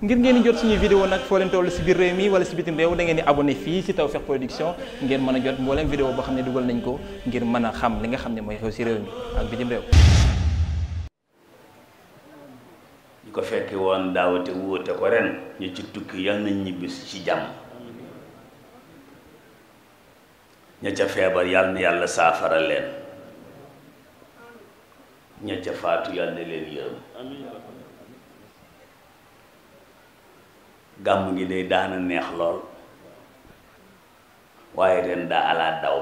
ngir ngeen jot suñuy vidéo nag foo leen toll si biir réew mi wala si bitim réew da ngeen di abonné fii si Tawfekh Production ngeen mën a jot mbooleem vidéo boo xam ne dugal nañ ko ngir mën a xam li nga xam ne mooy xew si réew mi ak bitim réew ñu ko fekke woon daawate wóote ko ren ñu ci tukki yal nañ ñibbisi ci jàmm ña feebar yal na yàlla saafara leen ña faatu yal na leen yërëm gàmm ngi day daana neex lool waaye ren daa alaa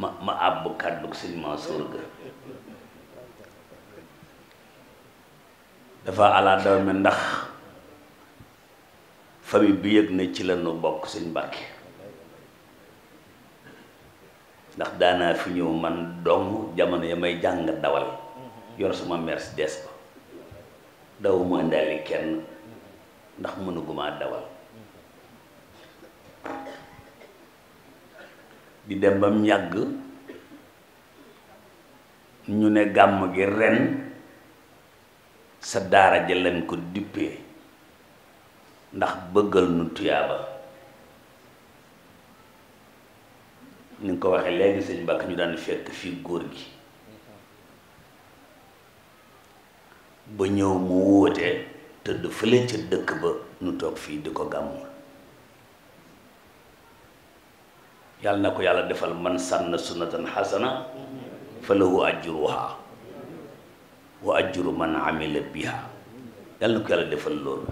ma ma àbb kàddug sëñ Mansour ga dafa alaa ndax famille bi yëg na ci la bokk sëñ Mbàkke ndax daanaa fi ñëw man dong jamono ya may jàng dawal yor sama Mercedes ba dawuma ndali kenn ndax mënuguma dawal di dem bam yàgg ñu ne gàmm gi ren sa daara ja leen ko dippee ndax bëggal nu tuyaaba ni nga ko waxee léegi sëñ Bakk ñu daan fekk fii góor gi ba ñëw mu wóote tëdd fële ca dëkk ba nu toog fii di ko gàmmu yàlla na ko yàlla defal man sànn sunnatan xasana falahu ajruha wa ajru man amila biha yàlla na ko yàlla defal loolu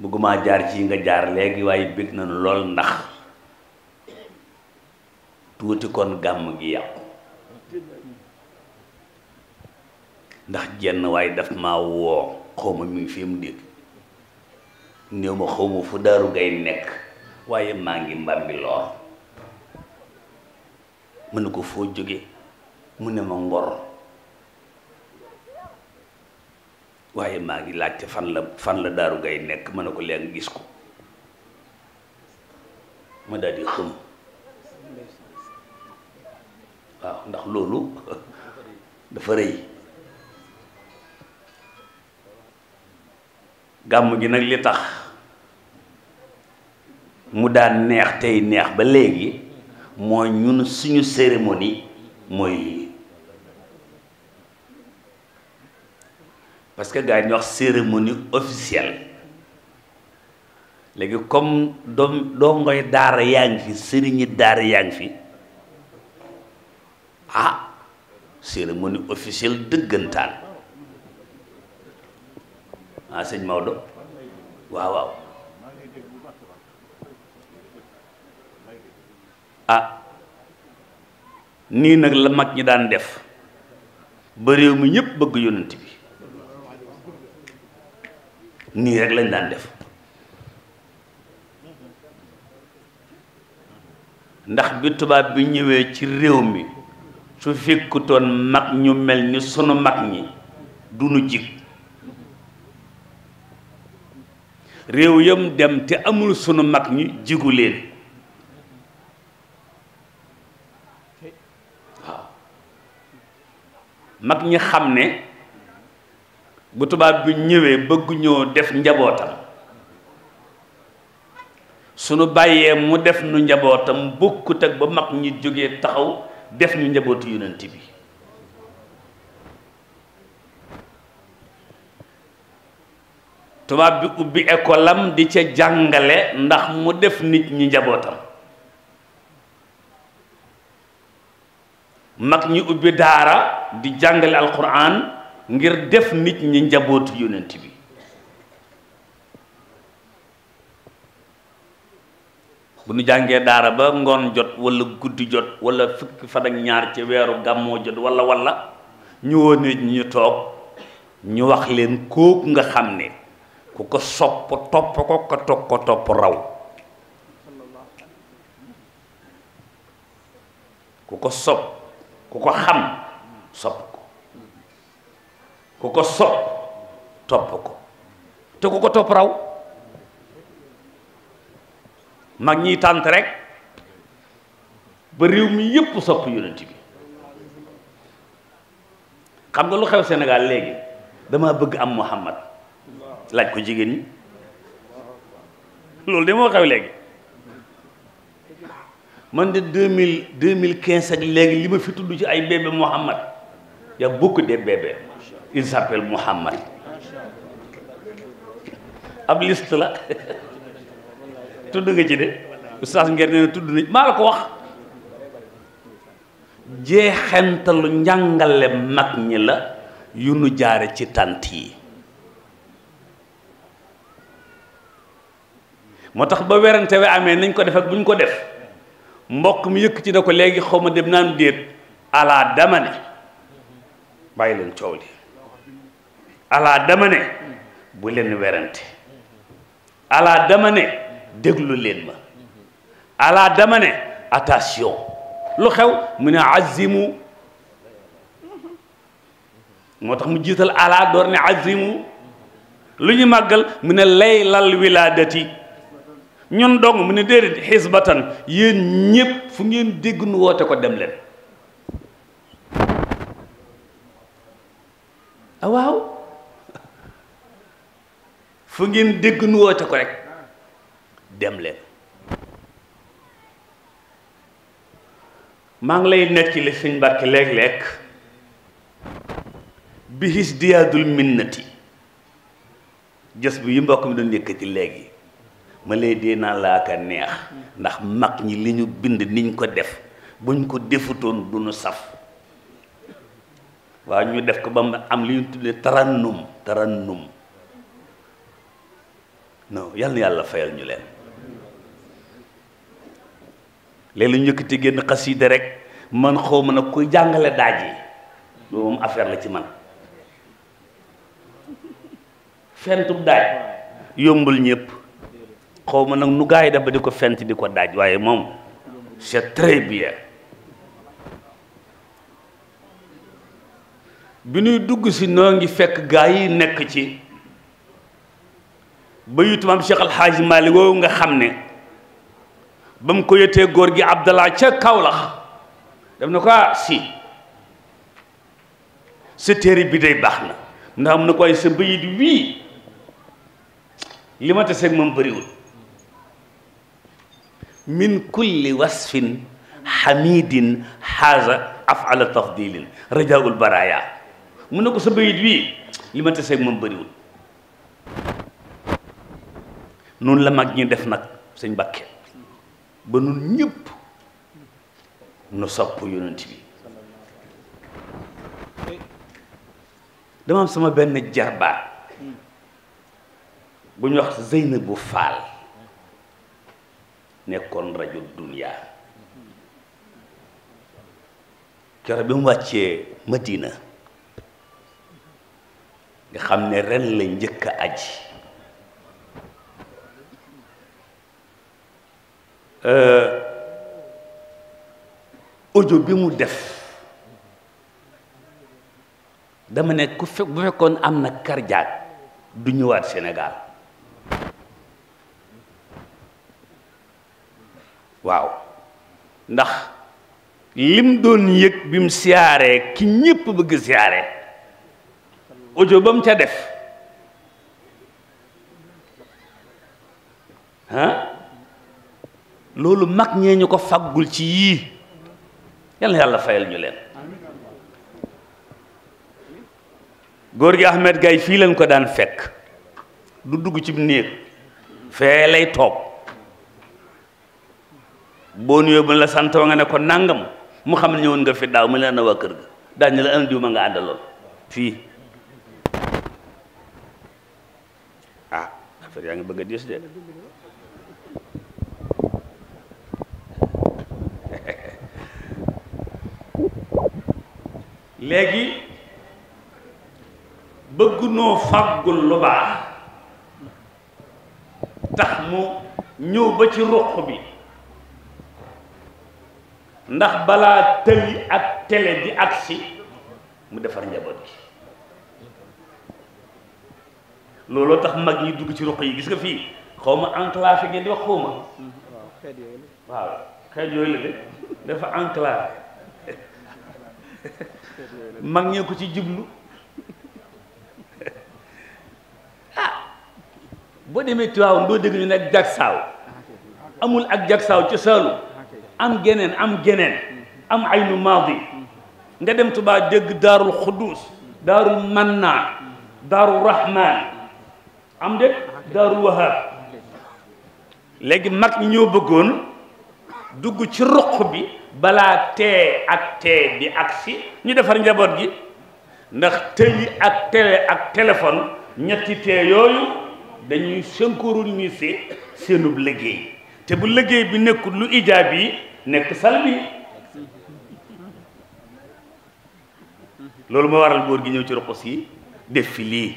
bëgguma jaar ci nga jaar léegi waaye bég nañu lool ndax tuuti kon gàmm gi yàqu ndax jenn waaye daf maa xaw ma mi ngi fi mu dégg néew ma xawma fu daaru gay nekk waaye maa ngi mbambi loor mu ne ko foo jóge mu ne ma ngor waaye maa ngi laajte fan la fan la daaru gay nekk mën ne ko leen gis ko ma daal di xëm waaw ndax loolu dafa rëy gàmm gi nag li tax mu daan neex tey neex ba léegi mooy ñun suñu cérémonie mooy parce que gars yi ñu wax cérémonie officielle léegi comme doom doo ngoy daara yaa ngi fi sëriñi daara yaa ngi fi ah cérémonie officielle dëggantaan ah sëñ Maodo waaw waaw ah nii nag la mag ñi daan def ba réew mi ñépp bëgg yonent bi nii rek lañ daan def ndax bi tubaab bi ñëwee ci réew mi su fekkutoon mag ñu mel ni sunu mag ñi du nu jig réew yam dem te amul sunu mag ñi jigu leen waaw mag ñi xam ne bu tubaab bi ñëwee bëgg def njabootam sunu bàyyee mu def nu njabootam bokkut ak ba mag ñi jógee taxaw def ñu njabootu yonent bi tubaab bi ubbi école am di ca jàngale ndax mu def nit ñi njabootam mag ñi ubbi daara di jàngale alquran ngir def nit ñi njabootu yonent bi bu nu jàngee daara ba ngoon jot walla guddi jot walla fukki fan ñaar ci weeru gàmmoo jot walla walla ñu nit ñu toog ñu wax leen kooku nga xam ne ku ko sopp topp ko ko topp raw ku ko sopp ku ko xam sopp ko ku ko sopp topp ko te ku ko topp raw mag ñi tànt rek ba réew mi yépp sopp yonent bi xam nga lu xew senegal léegi dama bëgg am Muhammad laaj ko jigéen ñi loolu de moo xew léegi man de deux mille deux mille quinze ak léegi li ma fi tudd ci ay bébé Mouhamad y a beaucoup de bébés il s'appelle Mouhamad ab liste la tudd nga ci de oustaz Nguer nee na tudd nañ maa la ko wax jeexantalu njàngale mag ñi la yu nu jaare ci tànt yi moo tax ba werante we amee nañ ko def ak ñu ko def mbokk mi yëkk ci na ko léegi xaw ma dem naan déet alaa dama ne bàyyi leen coow li alaa dama ne bu leen werante alaa dama ne déglu leen ma alaa dama ne attention lu xew mu ne azimu moo tax mu jiital alaa door ne azimu lu ñu màggal mu ne laylal wilaadati ñun dong mu ne déedéet xisbatan yéen ñëpp fu ngeen dégg nu woote ko dem leen ah waaw fu ngeen dégg nu woote ko rek dem maa ngi lay nekk li suñ barke léeg-léeg bi his diyaadul minnati jës bu yi mbokk mi doon yëkkati léegi ma lay dee naa laa ka neex ndax mag ñi li ñu bind niñ ko def buñ ko defutoon du saf waaw ñuy def ko ba mu am li ñu tuddee tarannum tarannum non yal yàlla fayal ñu leen léeg lu njëkkati génn xasida rek man xaw ma nag kuy jàngale daaj yi loolu moom affaire la ci man fentub daaj yombul ñëpp xaw ma nag nu gaa yi def ba di ko fent di ko daaj waaye moom c'est très bien bi ñuy dugg si noo ngi fekk gaa yi nekk ci ba yutu maam Alxaaji Maalik woowu nga xam ne ba mu ko yëtee góor gi Abdallah ca Kawlax def na ko ah si sa téere bi day baax na ndax na ko ay sa bayit wii li ma taseeg moom bëriwul min kulli wasfin xamidin xaaza afala tafdilin rajaul baraya mu ne ko sa bayit wii li ma taseeg moom bëriwul noonu la mag ñi def nag sëñ Bakke ba nun ñëpp nu sopp yonent bi dama am sama benn jarbaat bu ñu wax Zeynab Faal nekkoon rajo dunia kero bi mu wàccee Madina nga xam ne ren la njëkk a aji euh, audio bi mu def dama ne ku fekk bu fekkoon am na karjaag du ñëwaat senegaal waaw ndax lim doon yëg bi mu siyaaree ki ñépp bëgg siyaaree audio ba mu ca def ah loolu mag ñee ñu ko faggul ci yii yal na yàlla fayal ñu leen góor gi Ahmed Gaye fii leen ko daan fekk du dugg ci néeg fee lay toog boo nuyoo bu la sant wa nga ne ko nangam mu xam ne ñëwoon nga fi daaw mu leen na waa kër ga daañu ma nga fii ah yaa ngi bëgg a diis de léegi bëggu noo fàggul lu baax tax mu ñëw ba ci ruq bi ndax balaa tëli ak télé di agsi mu defar njaboot gi looloo tax mag ñi dugg ci ruq yi gis nga fii xaw ma enclavé ngeen di wax xaw ma waaw xeet dafa enclavé mag ñee ko ci jublu ah boo demee Tiwaawan doo dégg ñu ne ak jagsaaw ah, amul ak jagsaaw ci Saalum am geneen am geneen am aynu maadi nga dem Tuubaa dégg daarul xuddus daarul mannaan daarul rahmaan am de daarul wahaab léegi mag ñoo bëggoon dugg ci ruq bi balaa tee ak tee bi ak si ñu defar njaboot gi ndax tëyi ak télé ak téléphone ñetti tee yooyu dañuy sënkurul ñu si seenub liggéey te bu liggéey bi nekkul lu ijaab yi nekk salbi loolu moo waral góor gi ñëw ci roqos yi def fi lii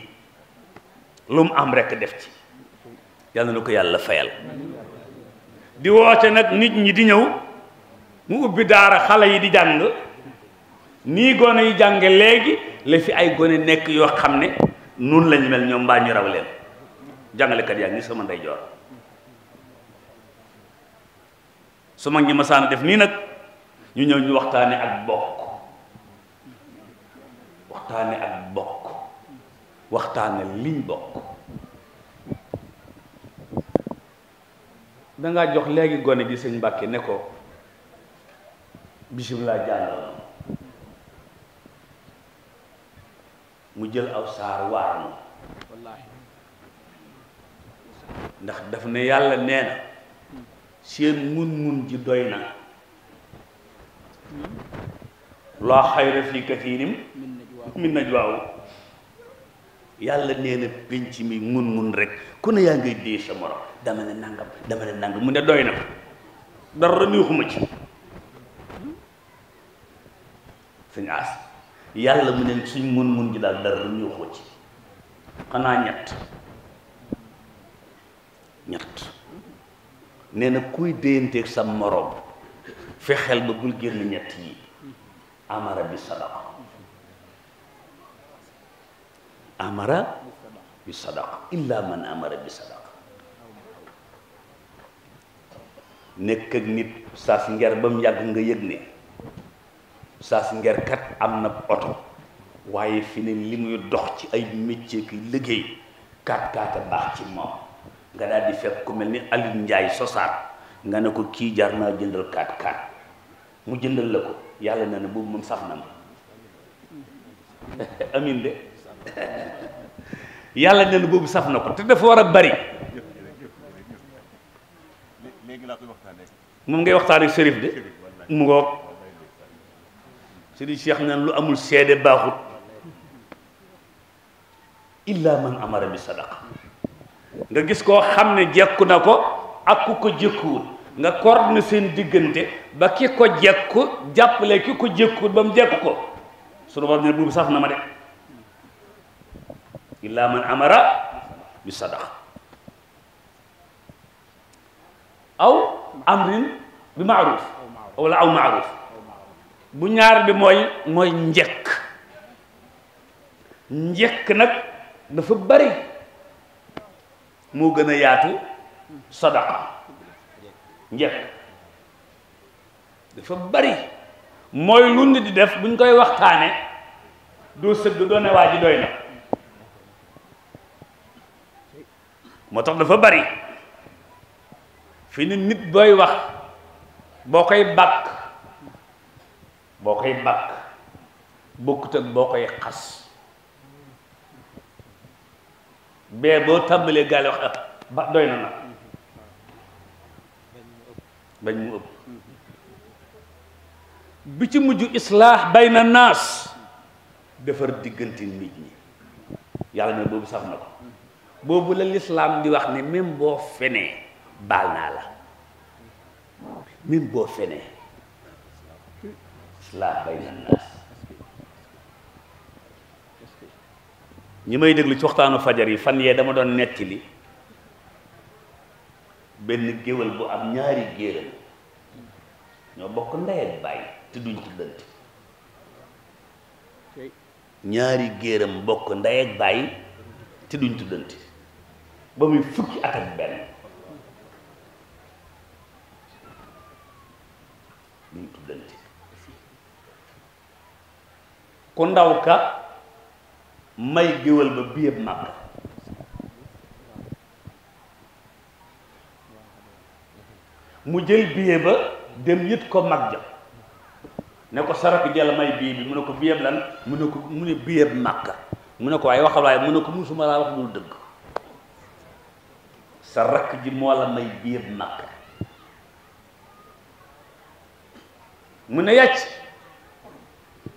lu mu am rekk def ci yàlla na ko yàlla fayal di woote nag nit ñi di ñëw mu ubbi daara xale yi di jàng nii gone yi jànge léegi la fi ay gone nekk yoo xam ne noonu lañu mel ñoom mbaa ñu raw leen jàngalekat yaa ngi sama ndeyjoor su mag ñi masaana def nii nag ñu ñëw ñu waxtaane ak bokk waxtaane ak bokk liñ bokk dangaa jox léegi gone bi sëñ Mbàkke ne ko bisimilah jàngal mu jël aw saar waar na ndax daf ne yàlla nee na seen mun-mun ji doy na laa xayra fi kathiirim min najwaaw yàlla nee na pénc mi mun-mun rek ku ne yaa ngay dee sa morom dama ne nangam mu ne doy na dara neexuma ci suñu yàlla mu ne suñ mun-mun ji daal dara neexuma ci xanaa ñett ñett nee na kuy déyanteeg sa morom fexeel ba bul génn ñett yi amara bi sadaqa amara bi sadaqa illa man amara bi sadaqa nekk ak nit saas nger ba mu yàgg nga yëg ne saas nger kat am na oto waaye fi ne li muy dox ci ay métier liggéey kaat kaata baax ci moom nga daal di fekk ku mel ni Alioune Ndiaye sosaat nga ne ko kii jar naa jëndal kaat kaat mu jëndal la ko yàlla na ne boobu moom sax na ma amin de yàlla ne boobu saf na ko te dafa war a bari moom ngay waxtaan ak sërif de mu ngoog sëriñ Cheikh naan lu amul seede baaxut illa man amara bi sadaqa nga gis koo xam ne jekku na ko ak ku ko jëkkuwul nga coordonné seen diggante ba ki ko jekku jàppale ki ba mu jekk ko sunu borom ne buubu saf na ma de illaa man amara bi sadaqa aw amrin bi maaruf wala aw maaruf bu ñaar bi mooy mooy njekk njekk nag dafa bari moo gën a yaatu sadaqa njëkk dafa bari mooy lu di def buñ koy waxtaane doo sëgg doo ne waa ji doy na moo tax dafa bari fi ni nit booy wax boo koy bàkk boo koy bàkk bokkut ak boo koy xas bee boo tàmbalee gaale wax doy na nag bañ mu ëpp bi ci mujj islaax bay na naas defar diggante nit ñi yàlla ne boobu sax na ko boobu la lislaam di wax ne même boo fenee baal naa la même boo fenee islaax bay naas ñi may déglu ci waxtaanu fajar yi fan yee dama doon netti li benn géwél bu am ñaari géeram ñoo bokk ndey ak baay te duñ ci ñaari géeram bokk ndey ak baay te duñ tuddanti ba muy fukki at ak benn duñ tuddanti ku ndaw ka may géwël ba biyëb màkk mu jël billet ba dem yët ko mag ja ne ko sarak jël may billet bi mu ne ko billet lan mu ne ko mu ne billet mu ne ko waaye waxal waaye mu ne ko musuma laa wax lu dëgg sa rakk ji moo la may billet màkk mu ne yàcc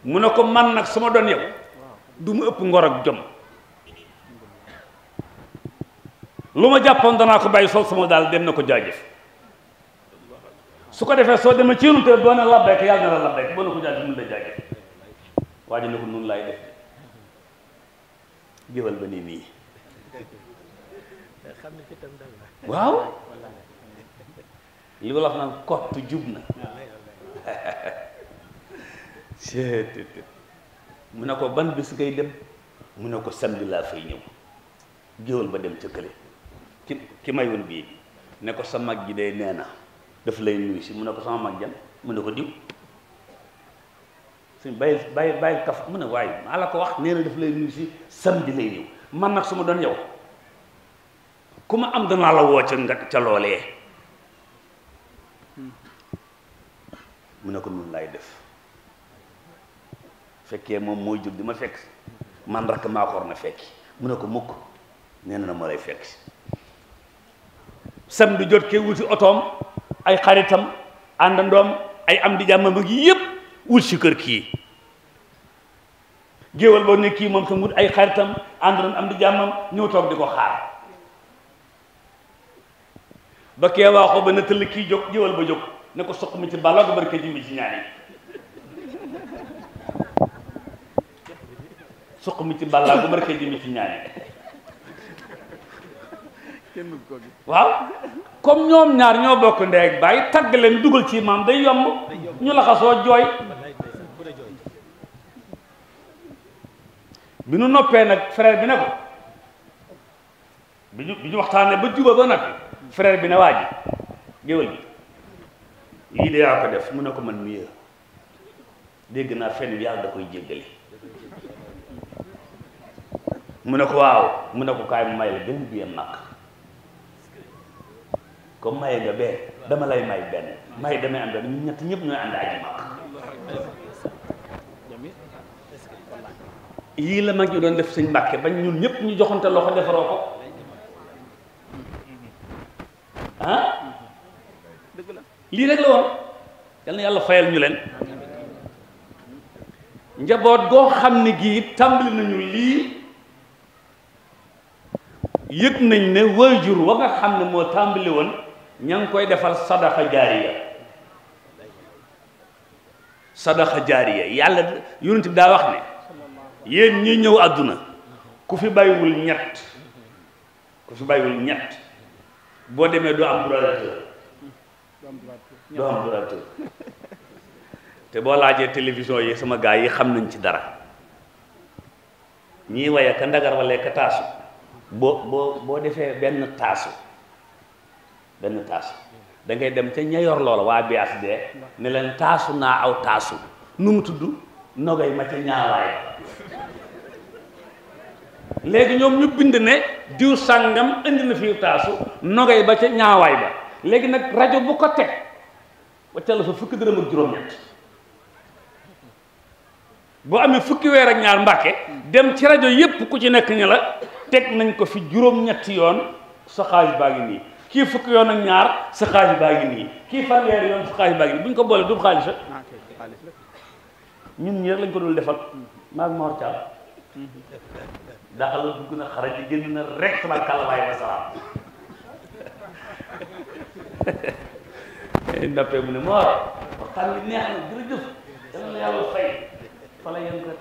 mu ne ko man nag su ma doon yow du mu ëpp ngor ak jom lu ma jàppoon danaa ko bàyyi sol sama daal dem na ko jaajëf su ko defee soo demee ci yéen te doo ne labbayka yàlla na la labbayka ko jaajëf mun la jaajëf ne ko noonu laay def ba nii nii waaw li wolof naan kott jub na mu ne ko ban bis ngay dem mu ne ko samedi laa fay ñëw géwal ba dem ca ki ki mayoon bii ne ko sa mag ji day nee na daf lay nuyu si mu ne ko sama mag jan mu ne ko diw suñ bàyyi bàyyi bàyyi kaf mu ne waaye maa la ko wax nee na daf lay nuyu si samedi lay ñëw man nag su ma doon yow ku ma am danaa la woo ca nga ca loolee hmm. mu ne ko noonu laay def fekkee moom mooy jóg di ma fekk man rakk maa ko war na fekki mu ne ko mukk nee na ma lay fekk samedi jot ke wuti otoom ay xaritam àndandoom ay am di jàmm ba gi yëpp wut si kër kii géwal boo ne kii moom tam wut ay xaritam àndandoom am di jàmmam ñëw toog di ko xaar ba kee waaxoo ba na tëll kii jóg géwal ba jóg ne ko soq mi ci balloo ga barke ji mi ci ñaari suq mi ci balla bu markee ji mi ci ñaane waaw comme ñoom ñaar ñoo bokk ndeeg bàyyi tagg leen dugal ci maam day yomb ñu laxasoo jooy bi nu noppee nag frère bi ne ko bi ñu bi ñu waxtaanee ba juba ba nag frère bi ne waa ji géwél bi lii de yaa ko def mu ne ko man mieux dégg naa fenn yàlla koy jéggale mu ne ko waaw mu ne ko kaay may la benn billet mag comme maye nga bee dama lay may benn may damay am benn ñu ñett ñëpp ñooy ànd aji mag yii la mag ñu doon def sëñ Mbàkke bañ ñun ñëpp ñu joxante loxo defaroo ko ah lii rek la woon yàlla fayal ñu leen njaboot goo xam ne gii tàmbali nañu lii yëg nañ ne waajur wa nga xam ne moo tàmbali woon ña ngi koy defal sadaxa jaariya sadaxa jaariya yàlla yonent bi daa wax ne yéen ñi ñëw àdduna ku fi bàyyiwul ñett ku fi bàyyiwul ñett boo demee doo am dorateur doo te boo laajee télévision yi sama gaa yi xam nañ ci dara ñii waye ka ndagar wala ka taasu boo boo boo defee benn taasu benn taasu da dem ca ña yor loola waa biyaas dee ne leen taasu naa aw taasu nu mu tudd yi ma ca ñaawaay léegi ñoom ñu bind ne diw sàngam indi na fii taasu yi ba ca ñaawaay ba léegi nag rajo bu ko teg wacca la fa fukki dërëm ak juróom-ñett boo amee fukki weer ak ñaar mbàkke dem ci rajo yépp ku ci nekk ñi la teg nañ ko fi juróom-ñetti yoon sa xaalis baa ngi nii kii fukk yoon ak ñaar sa xaalis baa ngi nii kii fanweeri yoon sa xaalis baa ngi nii bu ñu ko boolee du xaalis rek ah, ñun ñi rek lañ ko dul defal maag Mor Thiam daxal dugg rek sama kàllaay ba salaam ndappee mu ne Mor waxtaan bi neex na jërëjëf yàlla na yàlla fay fa la yem kat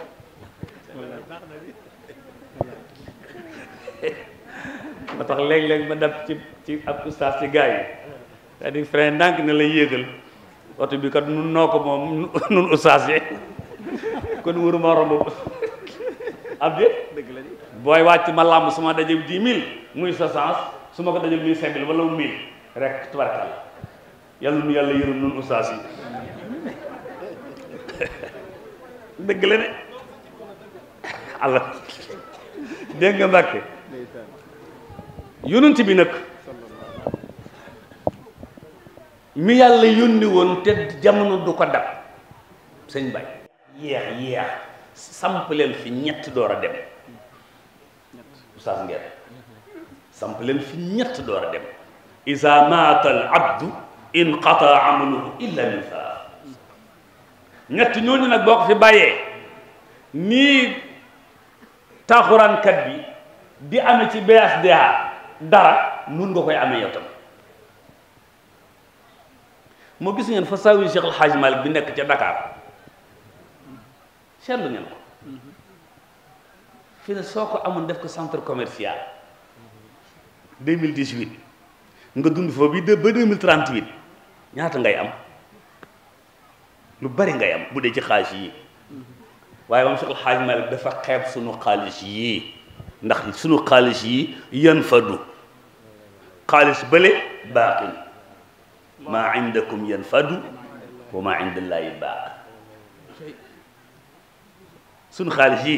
ma tax léeg-léeg ma dab ci ci ab ustaas ci gars yi c'est-à-dire ndànk na la yéegal oto bi kat nun noo ko moom nun ustaas yi kon wëruma romb ab de booy wàcc ma làmb su ma dajee dix mille muy sa su ma ko dajee mille cinq mille wala yàlla nu yàlla yërëm nun ustaas yi dëgg la ne alors dégg nga Mbàkke yonent bi nag mi yàlla yónni woon te jamono du ko dab sëñ bay yeex yeex samp fi ñett door a dem ustaas ngeen samp fi ñett door a dem iza maata al abdu inqataa amaluhu illa min ñett ñooñu nag boo ko fi bàyyee nii taaxuraankat bi di amee ci BHDA dara mun nga koy ame yow moo gis ngeen fa saawi Cheikh El Hadj Malick bi nekk ca Dakar seetlu ngeen ko fi ne soo ko amoon def ko centre commercial 2018 nga dund foofu bi de ba 2038 ñaata ngay am lu bari ngay am bu de ci xaaj yii waaye moom Cheikh El Hadj Malick dafa xeeb sunu xaalis yii ndax sunu xaalis yi yan fadu xaalis bële baaqin maa indakum yan fadu wa maa indallaahi baaq sunu xaalis yi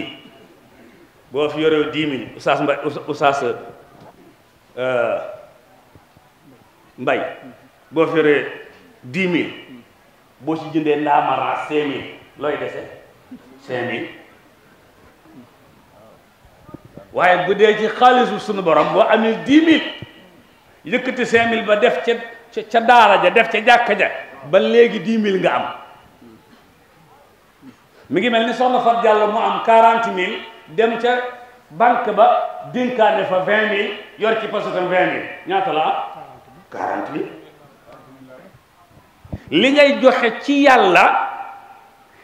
boo yore yorew dix mille mbay oustaz mbay euh, boo fi yoree dix ci jëndee ndaamara cinq mille looy dese cinq mille waaye bu dee ci xaalisu sunu borom boo amee dix mille yëkkati cinq mille ba def ca ca daara ja def ca jàkka ja ba léegi dix mille nga am mu ngi mel ni soxna Fat Diallo mu am quarante mille dem ca banque ba dénkaane fa vingt mille yor ci posotam vingt mille ñaata la am quarante mille li ngay joxe ci yàlla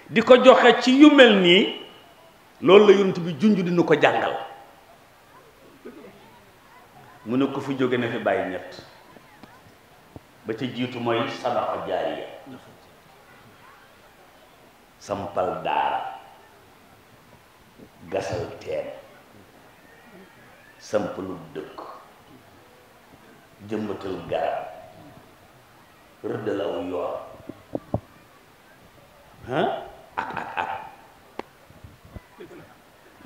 di ko joxe ci yu mel nii loolu la yonent bi junj dina ko jàngal mu ne ko fi jóge na fi bàyyi ñett ba ca jiitu mooy sadaqa jaariya sampal daara gasal teen sampalub dëkk jëmbatal garab rëddal aw yoon ak ak ak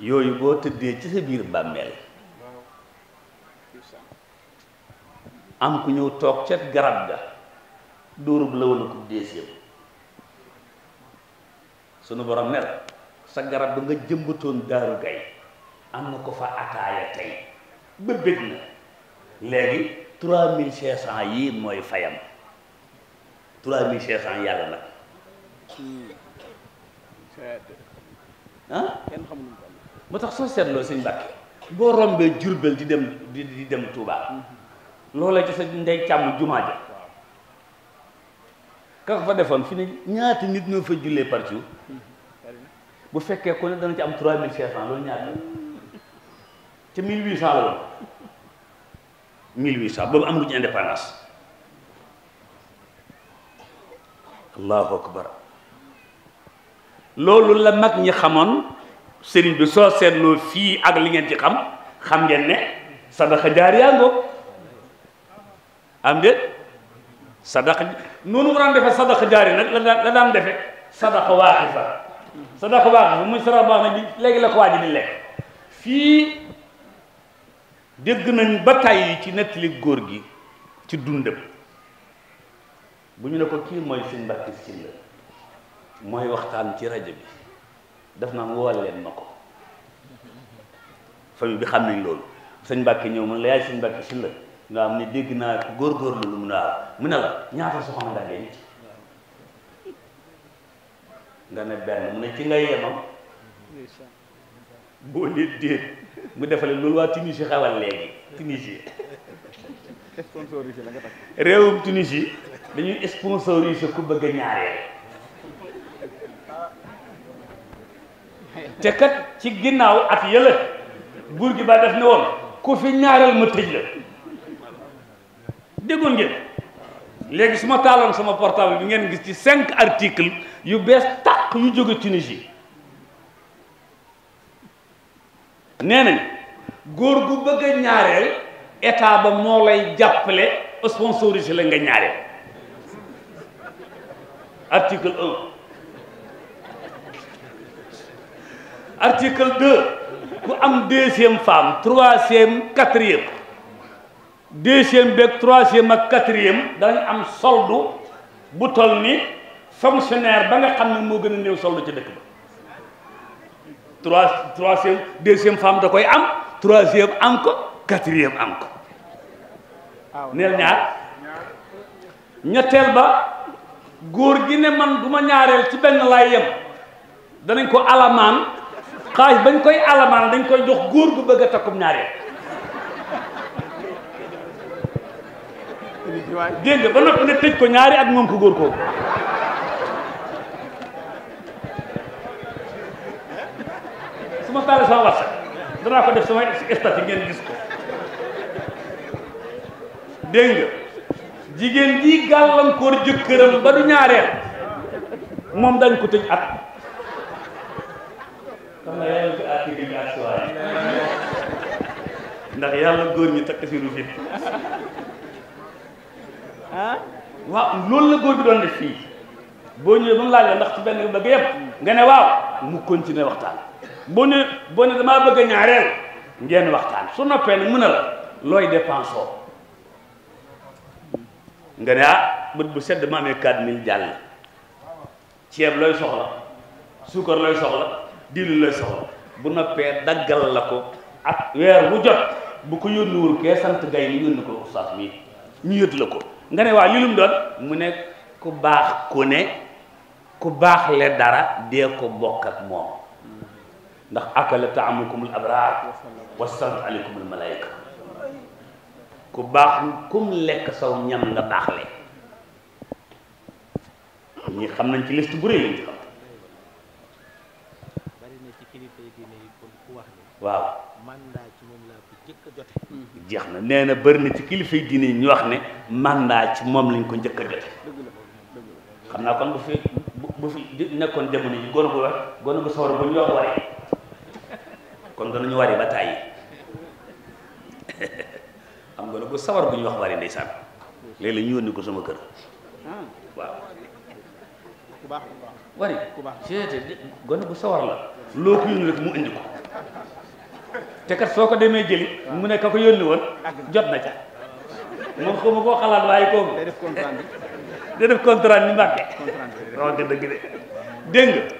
yooyu boo tëddee ci sa biir bàmmeel am ku ñëw toog ca garab ga dóorub la wala coupe deuxième sunu borom ne sa garab ba nga jëmbatoon daaru gay am na ko fa ataaya tey ba bëgg na léegi trois mille cinq cent yii mooy fayam trois mille cinq cent yàlla nag ah moo tax soo seetloo sëñ Mbàkke boo rombee Jurbel di dem di dem Tuubaa hmm. loola ci sa ndey càmm jumaa ja ka defoon fi ne ñaata nit ñoo fa jullee par bu fekkee ku ne dana ci am 3500 loolu ñaata ca 1800 la woon 1800 boobu am ci indépendance allahu akbar loolu la mag ñi xamoon sëriñ bi soo seetloo fii ak li ngeen ci xam xam ngeen ne sadaxa jaar yaa ngoog am déet sadaqa noonu mu daan defee sadaqa jaari nag la daan la daan defee sadaqa waaxifa sadaqa waaxifa muy sarax baax na bi léegi la ko waa ji di lekk fii dégg nañ ba tàyyi ci nettali góor gi ci dundam bu ñu ne ko kii mooy suñ mbàkki si mooy waxtaan ci rajo bi daf mu woowal leen ma ko famille bi xam nañ loolu sëñ Mbàkke ñëw ma la yaay sëñ Mbàkke si nga am ne dégg naa ko góorgóorlu lu mu ne waaw mu ne la ñaata soxna nga denc nga ne benn mu ne ci nga yemam boo leen déet mu defale loolu waa Tunisie xawal léegi Tunisie réewum Tunisie dañuy sponsorisé ku bëgg a ñaareel te kat ci ginnaaw at yële buur gi baa def ne woon ku fi ñaareel ma tëj la déggoon ngeen léegi su ma taaloon sama portable bi ngeen gis ci cinq article yu bees tàq yu jóge Tunisie nee nañ góor gu bëgg a ñaareel état ba moo lay jàppale sponsorisé lañ nga ñaareel article un article deux ku am deuxième femme troisième quatrième deuxième beeg troisième ak quatrième danañ am soldu bu toll ni fonctionnaire ba nga xam ne moo gën a néew soldu ci dëkk ba trois troisième deuxième femme da koy am troisième am ko quatrième am ko neel ñaar ñetteel ba góor gi ne man du ma ñaareel ci benn laay yem danañ ko alamaan xaaj bañ koy alamaan dañ koy jox góor gu bëgg a takkum ñaareel dégg nga ba noppi ne ko ñaari at moom ko góor kooku su ma taalee sama wasa danaa ko def sama statut ngeen gis ko dégg nga jigéen ji gàllankoor jëkkëram ba du ñaareel moom dañ ko tëj ak suwaay ndax yàlla góor ñi takk si lu fit ah waaw loolu la góor bi doon def fii boo ñëwee ba mu laaj la ndax ci benn bëgg yëpp nga ne waaw mu continuer waxtaan boo ne boo ne damaa bëgg a ngeen waxtaan su noppee nag mën a la looy dépense oo ah bët bu sedd ma amee 4000 jàll ceeb looy soxla suukar looy soxla diwlin looy soxla bu noppee daggal la ko ak weer bu jot bu ko yónni wul kee sant gay ñu yónni ko ustaas mi ñu yët la ko nga ne waa li lum doon mu ne ku baax ku ne ku baax le dara dee ko bokk ak moom ndax akala taamukumul abraar wasalaam aleykumul malayka ku baax kum lekk saw ñam nga baaxle ñi xam nañ ci liste bu rëy lañ ci xam waaw jeex na nee na bëri na ci kilifa yi diine ñu wax ne naa ci moom lañ ko njëkk a xam naa kon bu fi bu fi nekkoon jamono yi gone bu war gone bu sawar bu ñu wax waree kon danañu wari ba tàyyi am gone bu sawar ñu wax ko sama kër waaw wari gone bu sawar la loo ko yónni rek mu indi ko te kat soo ko demee jëli mu ne ka ko yónni woon jot na ca moom xaw ma koo xalaat waaye kooku da def contrat ni mbàkke wax nga dëgg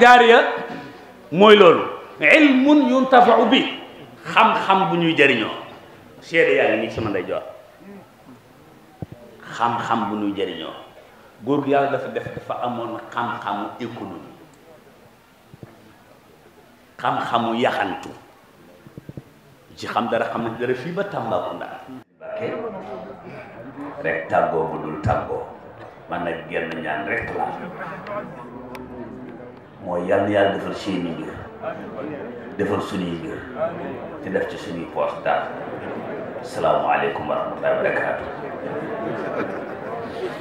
jaariya mooy loolu ilmun yuntafau bi xam-xam bu ñuy jëriñoo seede yaa ngi nii ndey joor xam-xam bu ñuy jariñoo góor gi yàlla dafa def dafa amoon xam-xamu économie xam-xamu yaxantu ci xam dara xam dara fi ba Tambacounda Mbacké rek tàggoo bu dul tàggoo man nag genn ñaan rek la mooy yal na yàlla defal seeni mbir defal suñuy mbir te def ci suñuy poos daal salaamaaleykum wa rahmatullahi wa barakaatu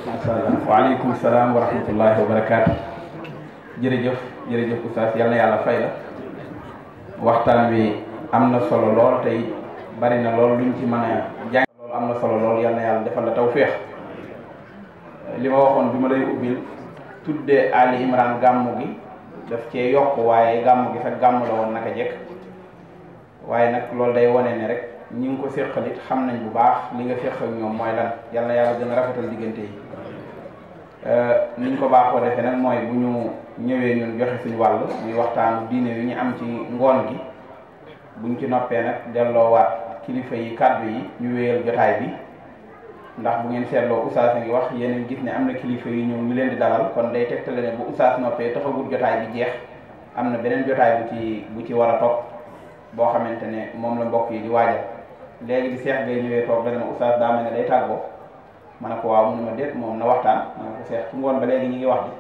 macha allah waaleykum salaam wa rahmatullahi wa yal na yàlla fay la waxtaan wi am na solo lool tey bari na lool luñ ci mën a jàng loolu am na solo lool yàlla na yàlla defal la tawféex li ma waxoon bi ma lay ubbil tuddee Ali Imran gàmm gi daf cee yokk waaye gàmm gi sax gàmm la woon naka jekk waaye nag loolu day wane ne rek ñi ngi ko séqal it xam nañ bu baax li nga séq ak ñoom mooy la yal na yàlla gën a rafetal diggante yi Euh, ni ñu ko baaxoo defee nag mooy bu ñu ñëwee ñun joxe suñu wàll muy waxtaanu diine yu ñu am ci ngoon gi buñ ci noppee nag delloowaat kilifa yi kàddu yi ñu wéyal jotaay bi ndax bu ngeen seetloo oustaz a ngi wax yeneen gis ne am na kilifa yu ñu ñu leen di dalal kon day tegtale ne bu oustaz noppee taxagul jotaay bi jeex am na beneen jotaay bu ci bu ci war a topp boo xamante ne moom la mbokk yi di waajal léegi bi seex ñëwee toog dana oustaz daa mel ne day ma ne ko waaw mu ne ma déet moom na waxtaan ma ne ko seex ci ngoon ba léegi ñu ngi wax ji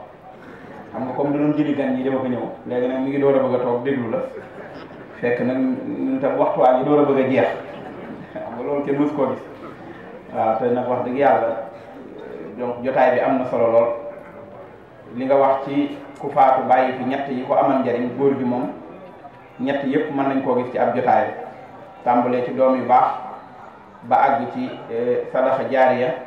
xam nga comme danoon jëli gan ñi dem ak a ñëw léegi nag mi ngi door a bëgg a toog déglu la fekk nag ñun tam waxtuwaa ñi door a bëgg a jeex xam nga loolu kenn mës donc jotaay bi am na solo lool li nga wax ci ku faatu bàyyi fi ñett yi ko amal njariñ góor gi moom ñett yëpp mën nañ koo gis ci ab jotaay tàmbalee ci doom yu baax ba àgg ci eh, sadaxa jaariya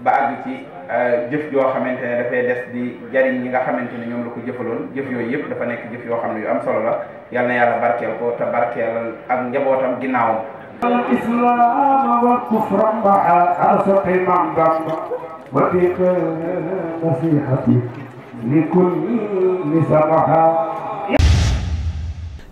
ba àgg ci euh, jëf yoo xamante ne dafay des di jariñ ñi nga xamante ne ñoom la ko jëfaloon jëf yooyu yëpp dafa nekk jëf yoo xam ne yu am solo la yal na yàlla barkeel ko te barkeelal ak njabootam ginnaawam الإسلام والكفر مع أرزق من ضم وبقى نصيحتي لكل سمحة